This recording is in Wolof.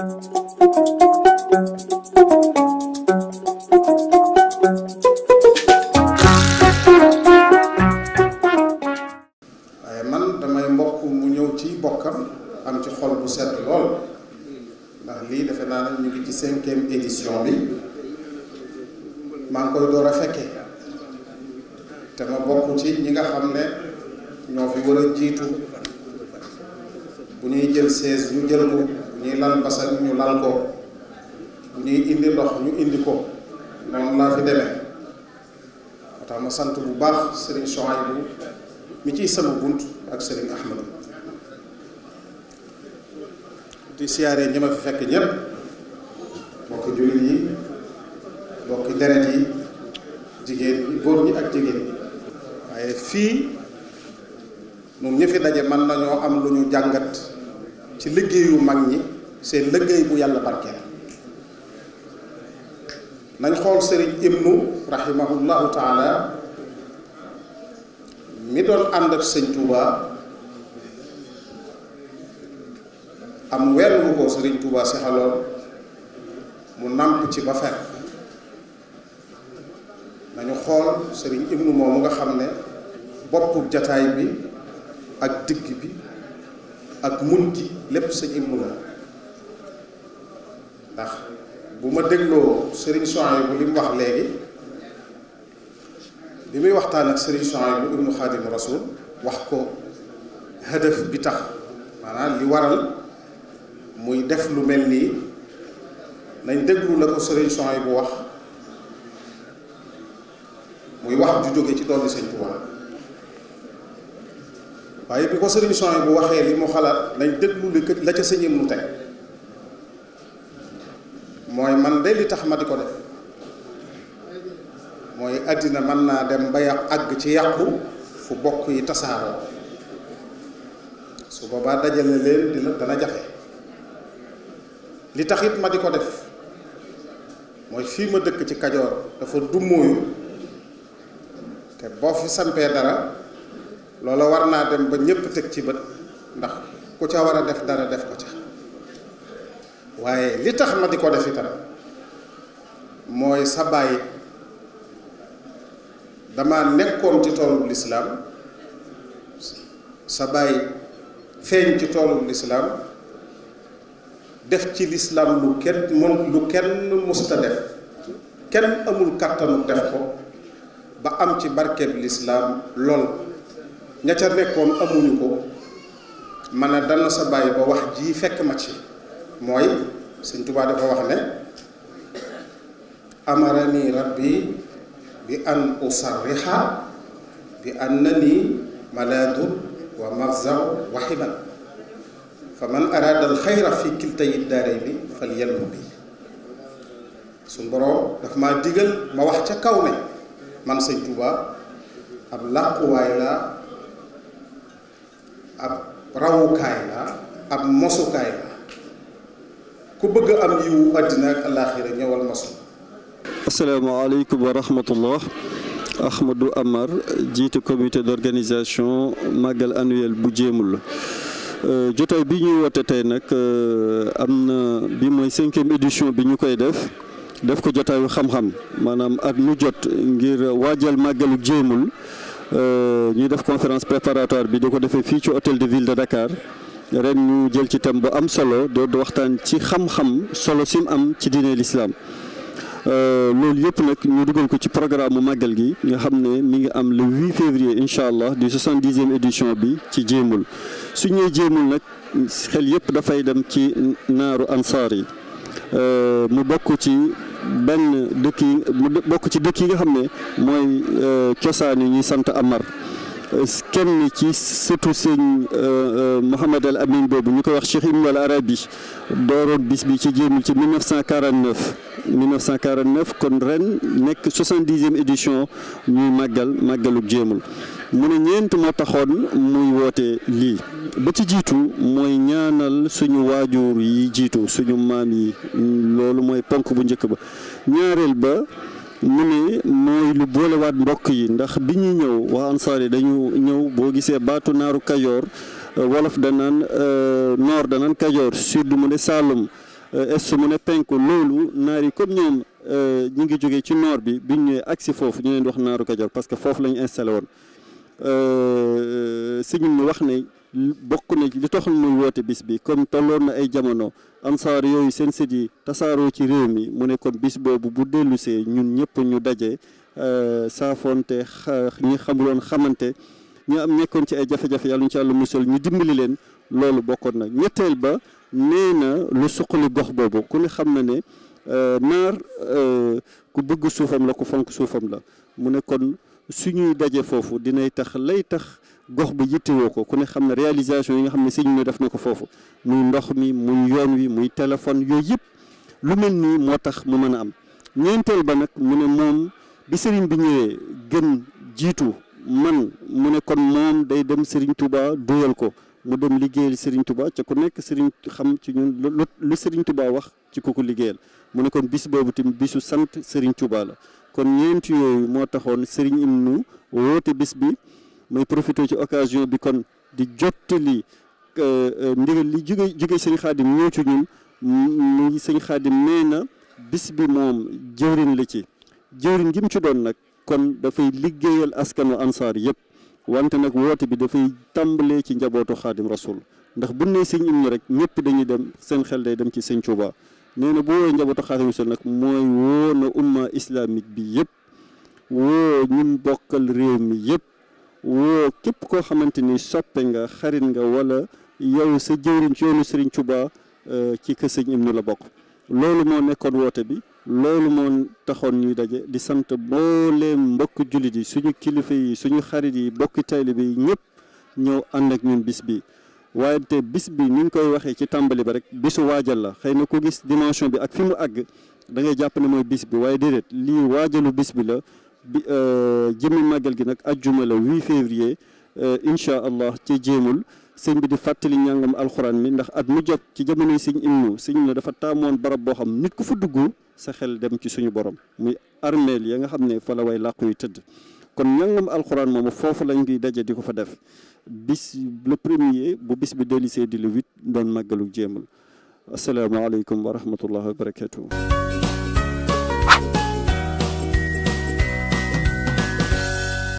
waaye man damay mbokk mu ñëw ci bokkam am ci xol bu set lool ndax lii defe naa ne ñu ngi ci cinquième édition bi maa ngi koy door a fekke te ma bokk ci ñi nga xam ne ñoo fi war a jiitu bu ñuy jël seize ñu jël ko ñii lal basal ñu lal ko ñii indi ndox ñu indi ko noonu laa fi demee moo sant bu baax sëriñ Souhaïbou mi ciy sama bunt ak sëriñ Ahmadu di siyaaree fi fekk ñëpp mbokki jullit yi mbokki deret yi jigéen góor ñi ak jigéen ñi waaye fii moom ñi fi daje mën nañoo am lu ñu jàngat ci liggéeyu mag ñi seen liggéey bu yàlla barkeel nañ xool sëriñ ibnu rahimahullahu taala mi doon ànd ak sëñ Touba am weer wu ko sëriñ Touba si xaloon mu nàmp ci ba fer nañu xool sëriñ ibnu moomu nga xam ne boppu jataay bi ak digg bi ak munti lépp sëñ Ibnu la ndax bu ma dégloo sëriñ Souhaïbou bu li wax léegi bi muy waxtaan ak sëriñ Souhaïbou bu Ibnu Xaadim Rasul wax ko hadaf bi tax maanaam li waral muy def lu mel nii nañ déglu la ko sëriñ Souhaïbou bu wax muy wax ju jóge ci doon sëñ Tuubaa waaye bi ko sëriñ Sonia bu waxee li mu xalaat nañ déglu li la ca sëñeem mu teg mooy man de li tax ma di ko def mooy àddina mën naa dem ba yàq àgg ci yàqu fu bokk yi tasaaroo su boobaa dajale leen dana jafe li taxit ma di ko def mooy fii ma dëkk ci Kajoor dafa dummóoyu te boo fi sampee dara loola war naa dem ba ñépp teg ci bët ndax ku ca war a def dara def ko ca waaye li tax ma di ko def itam mooy sa bàyyi dama nekkoon ci toolub lislaam sa bàyyi feeñ ci toolub lislaam def ci lislaam lu kenn mën lu kenn musta def kenn amul kàttanu def ko ba am ci barkeb lislaam lool ña ca nekkoon amuñu ko ma ne dana sa bàyyi ba wax jii fekk ma ci mooy Sëñ Tuubaa dafa wax ne amarani rabbi bi bi an usarriha bi annani maladun wa marzaw wa himan fa man arada al xayra fi kiltayi daarayni falyalmu bi suñ boroom dafa ma digal ma wax ca kaw ne man Sëñ Tuubaa ab làquwaay la ab rawukaay la ab mosukaay la ku bëgg am yiwu àddina ak alaaxira ñëwal mosu asalaamaaleykum wa rahmatullah Ahmadou Amar jiitu comité d'organisation màggal annuel bu jéemul euh, jotaay bi ñuy woote tey nag euh, am na bi mooy cinquième édition bi ñu koy def def ko jotaayu xam-xam maanaam ak mu jot ngir waajal màggalu jéemul Euh, ñu def conférence préparatoire bi di ko defee fii ci hôtel de ville de Dakar ren ñu jël ci thème bu am solo doo waxtaan ci xam-xam solo sim am ci diine l'islam euh, loolu yëpp nag ñu dugal ko ci programme mu màggal gi nga xam ne mi ngi am le 8 février incha allah du 70e édition bi ci jéemul su ñëwee jéemul nag xel yëpp dafay dem ci naaru ansaar yi euh, mu bokk ci. benn dëkk yi mu bokk ci dëkk yi nga xam ne mooy euh, cosaan yu ñuy sant Amar kenn ci surtout sëñ euh, euh, Mouhamad al Amin boobu ñu koy wax Cheikh Ibn al Arabi dooroon bis bi ci jéemul ci 1949. 1949 kon ren nekk 70e édition ñuy màggal màggalu jéemul mu ne ñeent moo taxoon muy woote lii ba ci jiitu mooy ñaanal suñu waajur yi jiitu suñu maam yi loolu mooy ponk bu njëkk ba ñaareel ba mu ne mooy lu boolewaat mbokk yi ndax bi ñuy ñëw waa ansaar yi dañu ñëw boo gisee baatu naaru kayoor euh, wolof danaan euh, noor danaan kajoor sud mu ne saalum est mu ne penku loolu naar yi comme ñoom euh, ñi ngi jógee ci noor bi biñ ñëwee agsi foofu ñu leen di wax naaru Kajoor parce que foofu la ñu installé woon euh, sëñ mi wax ne bokk na li taxul muy woote bis bi comme tolloon na ay jamono ansaar yooyu seen sët yi tasaaroo ci réew mi mu nekkoon comme bis boobu bu dellusee ñun ñëpp ñu daje euh, saafonte ñi xamuloon xamante ñu am nekkoon ci ay jafe-jafe yàlla ñu ci yàlla musal ñu dimbali leen loolu bokkoon na ñetteel ba nee na lu suqali gox boobu ku ne xam na ne euh, naar euh, ku bëgg suufam la ku fonk suufam la mu ne kon suñuy daje foofu dinay tax lay tax gox bi yittewoo ko ku ne xam ne réalisation yi nga xam ne sëñ bi def na ko foofu muy ndox mi muy yoon wi muy téléphone yooyu yëpp lu mel nii moo tax mu mën a am ñeenteel ba nag mu ne moom bi sëriñ bi ñëwee gën jiitu man mu ne kon moom day dem sëriñ Touba duyal ko mu dem liggéeyal Serigne Touba ca ku nekk Serigne xam ci ñun li lu Serigne Touba wax ci ku ko liggéeyal mu ne kon bis boobu tamit bisu sant Serigne Touba la kon ñeenti yooyu moo taxoon Serigne nu woote bis bi may profité ci occasion bi kon di jottali euh, euh, ndigal li jóge jóge Serigne Khadim ñëw ci ñun muy sëñ Khadim nee na bis bi moom jëwriñ la ci jëwriñ gi mu ci doon nag kon dafay liggéeyal askanu ansaar yëpp. wante nag woote bi dafay tàmbalee ci njabootu xaadim rasul ndax bu ne sëñ Ibnu rek ñëpp dañuy dem seen xel day dem ci sëñ Tuuba nee na bu woowee njabootu xaadim rasul nag mooy woo na umma islamique bi yëpp woo ñun bokkal réew mi yëpp woo képp koo xamante ni soppe nga xarit nga walla yow sa jëwriñ ci yoonu sëriñ Tuuba euh, ci kër sëñ Ibnu la bokk loolu moo nekkoon woote bi loolu moo taxoon ñuy daje di sant mbooleem mbokk jullit yi suñu kilifa yi suñu xarit yi bokki taalibe bi ñëpp ñëw ànd ak ñun bis bi waaye te bis bi ni ñu koy waxee ci tàmbali ba rek bisu waajal la xëy na ko gis dimension bi ak fi mu àgg da ngay jàpp ne mooy bis bi waaye déedéet lii waajalu bis bi la euh, jëmmi màggal gi nag ajjuma la 8 février euh, incha allah ci jéemul sëñ bi di fàttali njàngam alxuraan mi ndax ak mu jot ci jamonoy sëñ imnu sëñ ne dafa taamoon barab boo xam nit ku fa dugg sa xel dem ci suñu borom muy armeel ya nga xam ne fa la way làqu yu tëdd kon njàngam alxuraan moom foofu lañ koy daje di ko fa def bis le premier bu bis bi dellisee di le huit doon màggalu jéemal asalaamaaleykum wa rahmatullah wa barakatuh